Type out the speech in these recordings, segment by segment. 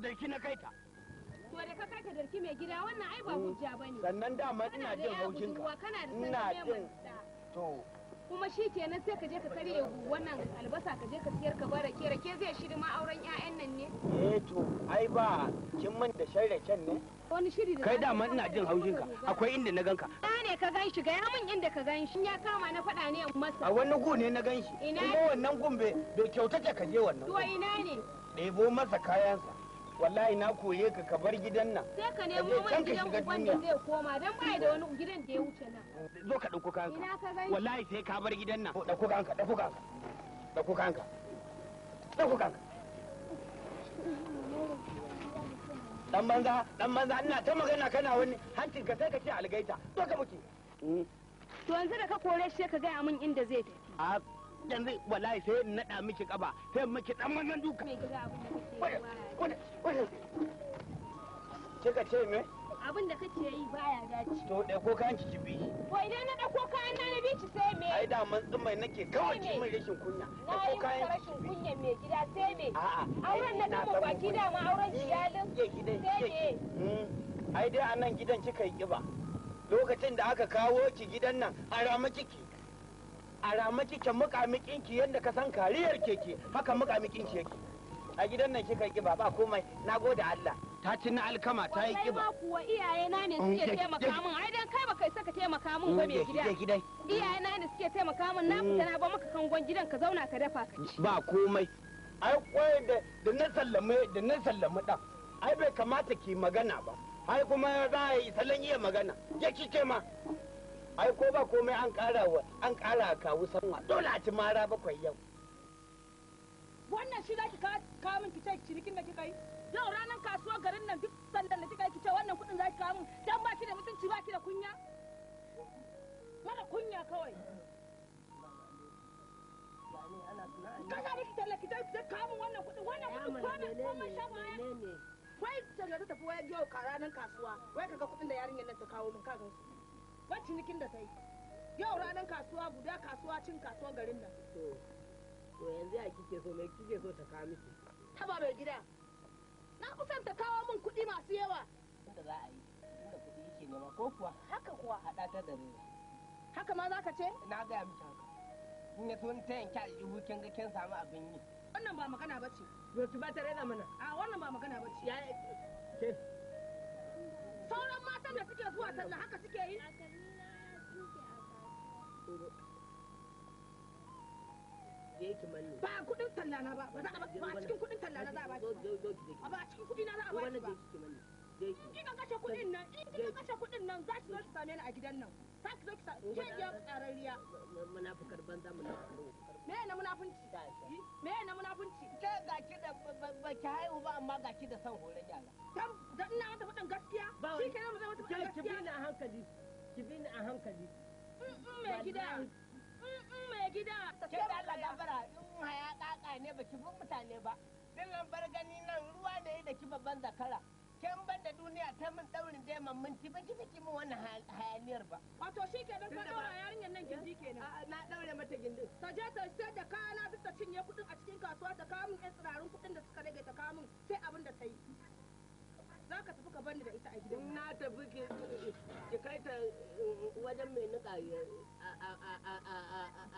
darki na kaita to da ka kaita darki mai gida wannan ai ba mm. hujja ba ne sannan dama ina jin haushin ka ina jin to kuma shi kenan sai ka je ka karye wannan albasa ka je ka siyar ka bara ke rake zai shiri ma auren ƴaƴan nan ne eh to ai ba kin man da shan can ne wani shiri da kai dama ina jin haushin ka akwai inda na ganka ina ne ka ganshi ga mun inda ka ganshi ya kama na faɗa ne masa a wani gu ne na ganshi kuma wannan gumbe bai kyautata ka je wannan to ina ne ɗebo masa kayansa wallahi na koye ka ka bar gidan nan sai ka nemo wani gidan uban da zai koma dan bai da wani gidan da ya wuce nan zo ka dauko kanka wallahi sai ka bar gidan nan dauko kanka dauko kanka dauko kanka dauko kanka dan banza dan banza ina ta magana kana wani hancin ka sai ka ce algaita zo ka muke to yanzu da ka kore shi ka gaya mun inda zai tafi yanzu wallahi sai in nada miki kaba sai miki dan wannan duka kika ce me abin da kake yi baya dace to dai ko an ki bi ko idan na dauko kayan na bi ci sai me ai da man tsumai nake kawai ci mai rashin kunya na yi maka rashin kunya mai gida sai me a'a auren na gama ba gida ma auren iyalin sai me hmm. ai dai a nan gidan kika yi kiba lokacin da aka kawo ki gidan nan a rama kiki a rama muka mukamikin ki yadda ka san kariyar keke haka mukamikin ki yake a gidan nan kika kiba ba komai na gode Allah ta ci na alkama ta yi kiba wallahi kuwa iyaye na ne suke taimaka min ai dan kai baka saka taimaka min ba me gida gidan iyaye na ne suke taimaka min na fita na ba maka kangon gidan ka zauna ka dafa ka ci ba komai ai kwai da da na sallame da na sallame da ai bai kamata ki magana ba ai kuma za a yi salon iya magana ya kike ma ai ko ba komai an kara wa an kara kawu sanwa dole a ci mara bakwai yau wannan shi zaki ka ka min kice cinikin da kika yi yau ranar kasuwar garin nan duk sallan da kika yi kice wannan kudin zaki ka min dan ba ki da mutunci ba ki da kunya mara kunya kawai kasa miki talla ki ki ka min wannan kudin wannan kudin komai komai shan baya wai talla ta tafi wai yau ranar kasuwa wai kaga kudin da yarinyar nan ta kawo min ka gansu ban cinikin da ta yi yau ranar kasuwa guda kasuwa cin kasuwa garin nan to yanzu ya kike so mai kike so ta kawo miki taba mai gida na kusan ta kawo min kuɗi masu yawa inda za a yi inda kuɗi yake nema ko kuwa haka kuwa haɗa ta da rera haka ma za ka ce na gaya miki haka in ya tun ta yanki aljihu kin ga kin samu abin yi wannan ba magana ba ce yau ba ta rena mana a wannan ba magana ba ce ke sauran matan da suke zuwa sannan haka suke yi ba a kudin talla na ba ba a cikin kudin talla na za a baki ba ba a cikin kudi na za a baki ba in kika kashe kudin nan in kika kashe kudin nan za ki zo ki same ni a gidan nan za ki zo ki same ke biya tsararriya munafukar banza munafukar me na munafunci me na munafunci ki haihu ba amma ga ki da san hore yara da ina mata faɗin gaskiya shi ke mata mata faɗin gaskiya ki bi a hankali ki bi ni a hankali mai gida mai gida ke da Allah gabara in haya kaka ne baki bi mutane ba dillan bar gani nan ruwa ne da ki babban zakara can ban da duniya ta min daurin dai man minti ban ki fiki min wannan hayaniyar ba wato shi ke ka daura yarinyar nan gindi kenan na daure mata gindin ta je ta sai da kayana duk ta cinye kuɗin a cikin kasuwa ta kawo min yan tsirarun kuɗin da suka rage ta kawo min sai abin da ta yi za ka tafi ka bani da ita a gidan na tafi ki kai ta eh, wajen mai nika eh,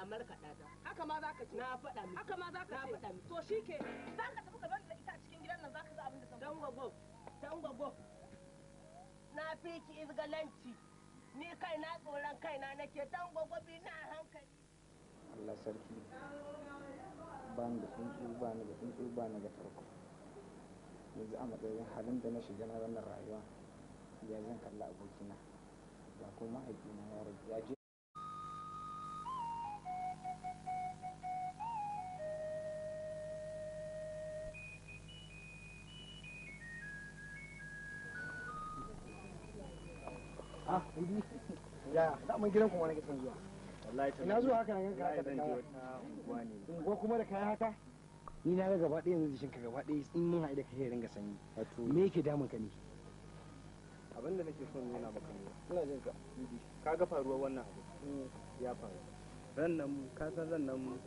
a markaɗa ta haka ma za ka ci na faɗa mi haka ma za ka ce to shi ke za ka tafi ka bani da ita a cikin gidan nan za ka ga abin da ta don gwagwab dangwago na fi ki izgalanci ni kai na tsoron kaina nake dangwago bi na hankali Allah sarki da ni da ni farko yanzu a matsayin halin da na shiga na wannan rayuwa ya zan kalla abokina ba ko mahaifina ya a ya da mun gidan zuwa wallahi ina zuwa haka ganka haka da kuma da haka ni na ga gaba ɗaya yanzu gaba ɗaya in mun da kai ringa sanyi me yake damun ka ne abin da nake son nuna maka ne ina jin ka ka ga faruwar wannan abu mm. ya faru ran nan ka san ran nan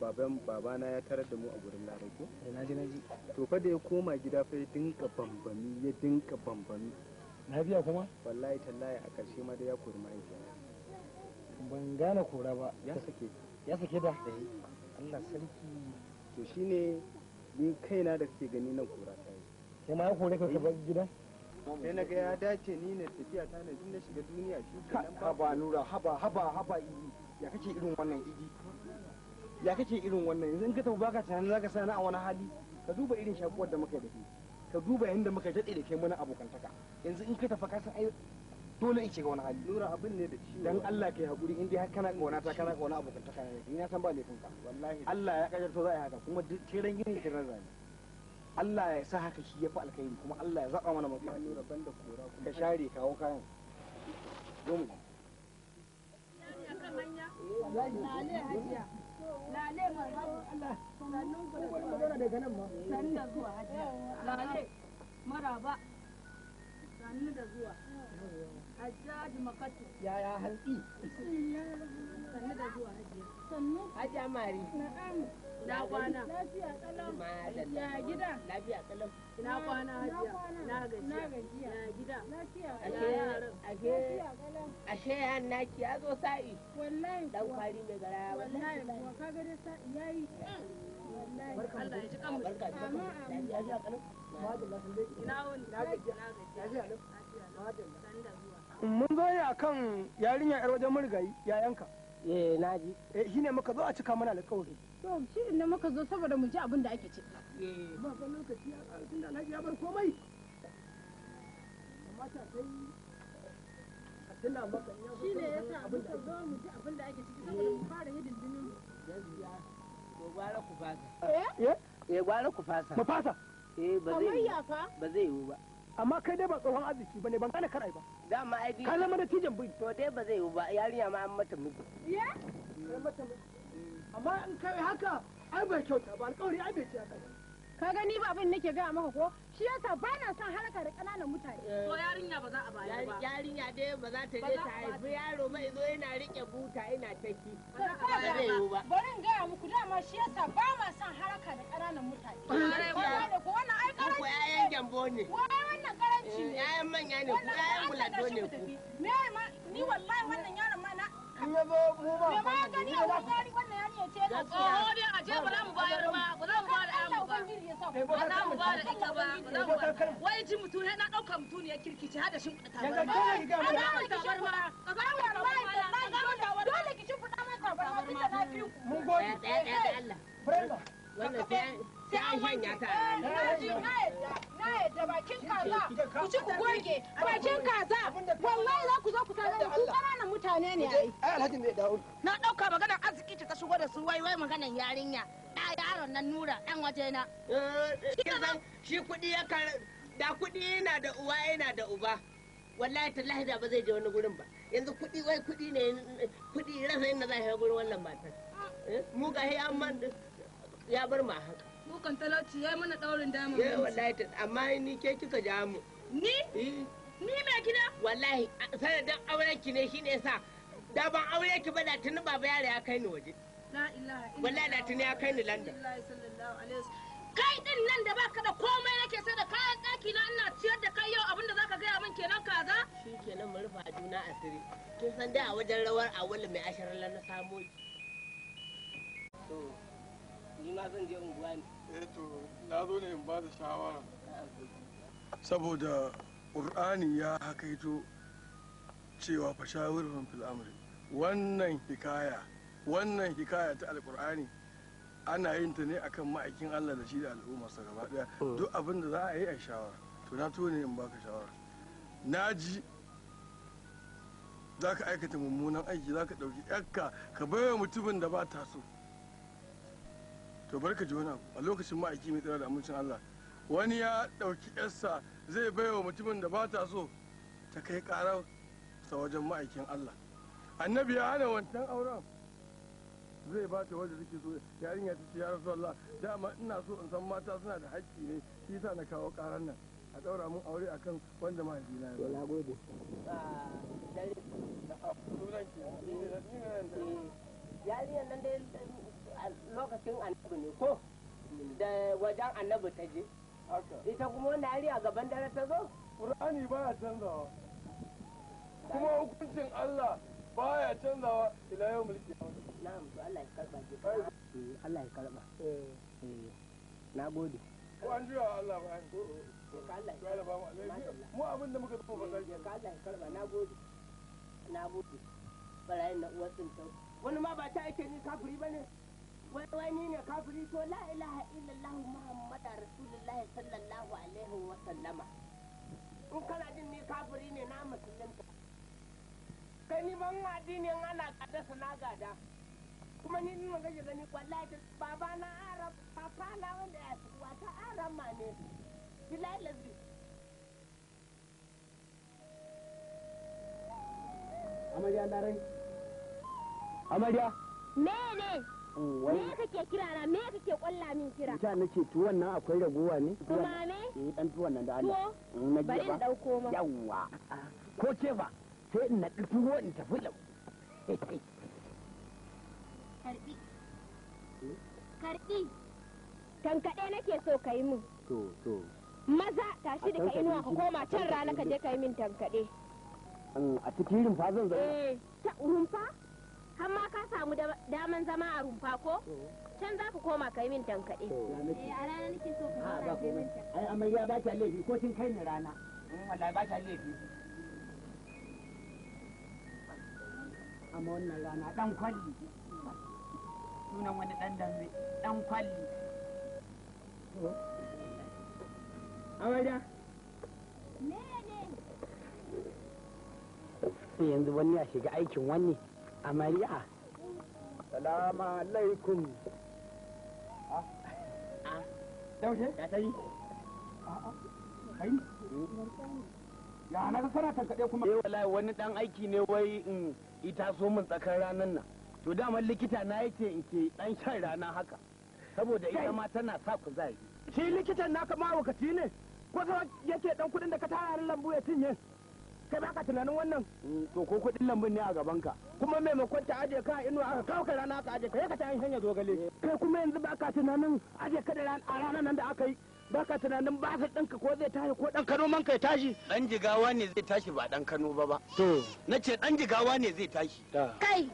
baban babana ya tarar da mu a gurin larai eh, to fa da ya koma gida fa ya dinka bambami ya dinka bambami na biya kuma wallahi tallahi a ƙarshe ma da ya kori ma'aikata ban gane kora ba ya sake ya sake da eh. Allah sarki to shine ni kaina da kake gani nan kora ta yi kai ma ya kore ka bar gida. sai na ga ya dace ni na tafiya ta na na shiga duniya shi ka haba nura haba haba haba idi ya kake irin wannan idi ya kake irin wannan yanzu in ka tafi baka tunanin zaka sa na a wani hali ka duba irin shakuwar da muka yi da shi ka duba yadda muka daɗe da kai mana abokantaka yanzu in ka tafi ka san ai dole in shiga wani hali nura abin ne da ciwo dan Allah kai hakuri in dai har kana kauna ta kana kauna abokantaka ne ni na san ba ne kanka wallahi Allah ya kajarto za a yi haka kuma tiran gini tiran zani Allah ya sa haka shi ya fi alkhairi kuma Allah ya zaba mana mafi nura banda kora kuma ka share kawo kayan zo mu lale maraba sannu da zuwa hajjaji makatu yaya hantsi sannu da zuwa mari na'am Na kwana. Lafiya kalam. Ya gida. Lafiya kalam. Na kwana Na gajiya. Ya gida. Lafiya kalam. Ashe ashe yan naki ya zo sa'i. Wallahi. Dan kwari mai gara. Wallahi kuwa ka ga dai sa'i yayi. Wallahi. Allah ya ji kan mu. Barka. Lafiya kalam. Madalla sun dai. Ina wuni. Na gajiya. Lafiya kalam. Mun zo ya kan yarinya yar wajen murgayi yayanka. Eh naji. Eh shine muka zo a cika mana alƙawari. To shi da muka zo saboda mu ji abin da ake ciki. Eh. ba ba lokaci ya Alhaji ya bar komai. Amma ta kai a maka ya Shi ne zo mu ji abin da ake ciki saboda mu eh. fara yin ku fasa. Eh? Eh, eh ku fasa. Mu fasa. Eh ba zai. Ba zai ba. amma kai dai ba tsohon arziki bane ban kana karai ba dama ai ka zama da tijan bai to dai ba zai ba yarinya ma an mata miji mata miji amma in kai haka ai bai kyauta ba alƙawari ai bai kyauta ba ka gani ba abin nake gaya maka ko shi yasa ba na son halaka da ƙananan mutane eh. to yarinya ba za a bayar ba yarinya dai ba za ta je ta haifi yaro ba zo yana rike buta ina taki ba bari in gaya muku dama shi yasa ba ma son halaka da ƙananan mutane ba ko wannan ai karanci yayan gyambo ne wai wannan karanci ne yayan eh, manya ne ku yayan bulado ne ku ni wallahi wannan yaron ma na mu ba mu ba mu ba Oho dai a ce ba za mu ba, ba za amu A ku. Mun gode. Wannan sai an shanya ta. Na ji na yadda, na yadda bakin kaza, ku ci ku goge, bakin kaza, wallahi za ku zo ku da ku mutane ne ai ai alhaji mai dawo na dauka maganar arziki ta shigo da su wai wai maganar yarinya da yaron nan nura ɗan waje na eh, eh, shi kudi ya kar da yana da uwa yana da uba wallahi tallahi da ba zai je wani gurin ba yanzu kudi wai kudi ne rasa inda za ya gurin wannan matar eh, mu ga ya bar ma haka mu talauci mana daurin damar amma ni ke kika ja mu ni Ni mai gida? Wallahi, sanadin auren ki ne shine yasa sa. Da ban aure ki ba da tuni baba yare ya kai ni waje. Wallahi da tuni ya kai ni London. Kai din nan da baka da komai nake sai da kayan daki na ina ciyar da kai yau abinda zaka gaya min kenan kaza? Shi kenan mu rufa juna asiri. Kin san da a wajen rawar a awali mai ashirin na samo ki. To, ni ma zan je unguwa ne. Eh to, na zo ne in ba da shawara. Saboda ƙur'ani ya hakaito cewa fashawirhum fil amri wannan hikaya wannan hikaya ta alƙur'ani ana yin ta ne akan ma'aikin Allah da shi da al'ummarsa gaba daya hmm. duk abin da za a yi a shawara to na tone in baka shawara na ji za ka aikata mummunan aiki za ka ɗauki yakka ka bai wa mutumin da ba ta so to bar ka ji wani a lokacin ma'aiki mai tsira da amincin Allah wani ya ɗauki yarsa zai baiwa mutumin da ba ta so ta kai karar ta wajen ma'aikin Allah annabi ya hana wancan auren zai ba ta wajen suke so yarinya ta ce ya rasu Allah dama ina so in san mata suna da haƙƙi ne shi sa na kawo karar nan a ɗaura mun aure a kan wanda ma jina ya na gode yarinyar nan dai lokacin annabi ne ko da wajen annabi ta je ita kuma wanda hari a gaban dare ta zo ƙur'ani ya canzawa kuma hukuncin Allah ba ya canzawa ila yau mulki na'am to Allah ya karba ke eh, Allah ya karba eh. eh, na gode ko an juya Allah ba an mu abin da muka zo ba sai ka Allah ya karba na gode na gode barayin na uwar tsinta wani ma ba ta ake ni kafiri bane wai ni ne kafiri to la ilaha illallah muhammad rasulullah sallallahu alaihi wa sallama in kana jin ni kafiri ne na musulunta kai ni ban addinin ana kada na gada kuma ni ina gaje gani wallahi baba na arab papa na wanda ya tuwa ta arab ma ne bilal lazi amarya larai amarya me ne me kake kira na me kake kwalla min kira ita nake tuwon nan akwai ragowa ne kuma me eh dan tuwon nan da Allah na bari in dauko ma yawa ko ce ba sai in naɗi tuwo in tafi lau karbi eh? karbi tankaɗe nake so ka yi min to to maza tashi da ka inuwa ka koma can rana ka je ka yi min tankaɗe mm, a cikin rumfa zan zama eh, rumfa har ka samu daman zama a rumfa ko can za ku koma kai min tankaɗe eh, a rana nake so ku ah, ba ku ai amarya ba ta laifi ko kin kai ni rana mm, wallahi ba ta laifi amma wannan rana ɗan kwalli sunan wani ɗan dambe ɗan kwalli amarya ne ne yanzu wani a shiga aikin wani amariya salamu alaikum daushe ah. ah. ya tayi ah, ya na ga kana tankaɗe kuma eh wallahi wani dan aiki ne wai in mm, ita so mun tsakar ranar nan to dama likita na yake in ke dan shan rana haka saboda ita ma tana sa kuzari shi likitan naka ma wakaci ne ko yake dan kudin da ka tara lambu ya cinye kai ba ka tunanin wannan mm, to ko kudin lambun ne a gaban ka kuma maimakon ta aje ka inu aka kawo ka rana aka aje ka ka ta yin hanya gale kai kuma yanzu ba ka tunanin aje ka da a ranar nan da aka yi ba ka tunanin ba ka ɗanka ko zai tashi ko ɗan kano man kai tashi ɗan jigawa ne zai tashi ba ɗan kano ba ba to na ce ɗan jigawa ne zai tashi kai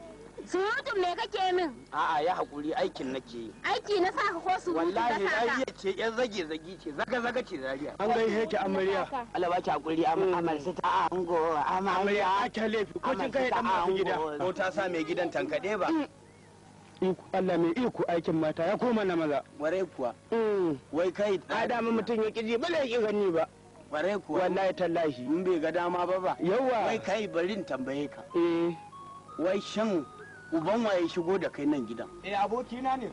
surutun me kake min a'a ya hakuri aikin nake yi aiki na sa ka ko surutun wallahi zariya ce yan zage zagi ce zaga zaga ce zariya an gaishe ki amarya Allah baki hakuri amar mm. su ta ango amarya a ta laifi ko kin kai dan masu gida ko ta sa mai gidan tankade ba mm. Allah mai iko aikin mata ya koma na maza ware kuwa mm. wai kai adama mutum ya kiji bala ya ki gani ba ware kuwa wallahi tallahi mun bai ga dama ba ba yawa wai kai barin tambaye ka eh wai shan uban waye shigo da kai nan gidan eh hmm? aboki na ne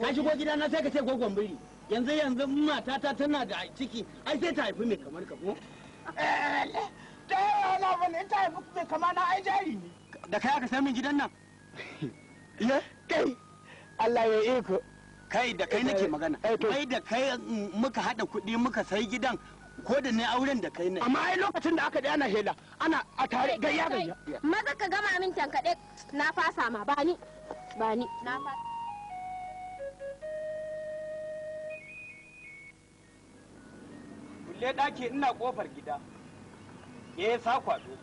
ka shigo gidan na sai ka ce gogon biri yanzu yanzu mata ta tana da ciki ai sai ta haifi mai kamar ka ko eh ta yana ban ta haifi mai kamar na ai jari ne da kai aka samu gidan nan ya kai Allah ya yi ku kai da kai eh, nake magana kai eh, da kai mm, muka hada kuɗi muka sai gidan ko da ne auren da kai ne amma ai lokacin da aka da ana hela ana a tare gayya gayya maza ka gama min tankaɗe na fasa ma ba ni ba ni na fasa kulle ɗaki ina ƙofar gida yi eh, sa kwado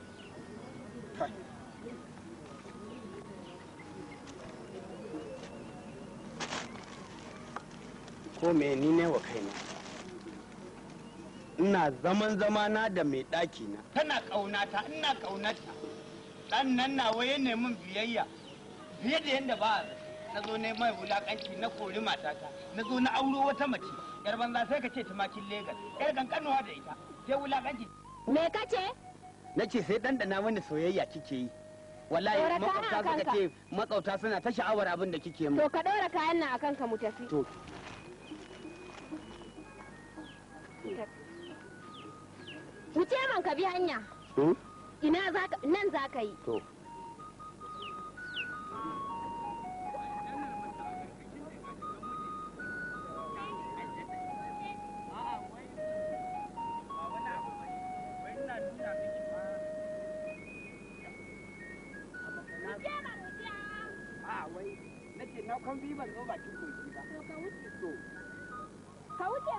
ko me ni ne wa kaina ina zaman zama na da mai ɗaki na tana ƙaunata ina ƙaunata ɗan nan waye ne min biyayya fiye da yadda ba a na zo ne mai wulaƙanci na kori matata na zo na auro wata mace yar banza sai ka ce tumakin legas yar kankanuwa da ita sai wulaƙanci me ka ce na ce sai ɗanɗana wani soyayya kike yi wallahi makwabta suka ce makwabta suna ta sha'awar abin da kike mu to ka ɗora kayan nan akan ka mu tafi to tafi Wuce man ka bi hanya. Hmm? Ina za nan za ka yi. na ka wuce.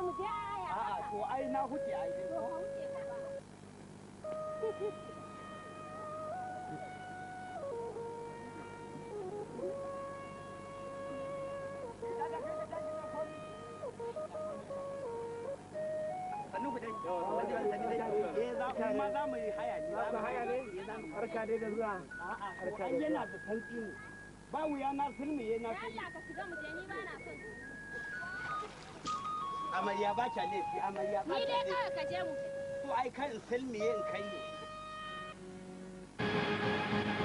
mu je A'a to ai na huce To ka wuce ka ba. kuma ne ba wuya na yana ka ni laifi amarya ba laifi ni dai kawai ka je mu I can't sell me in Kayo.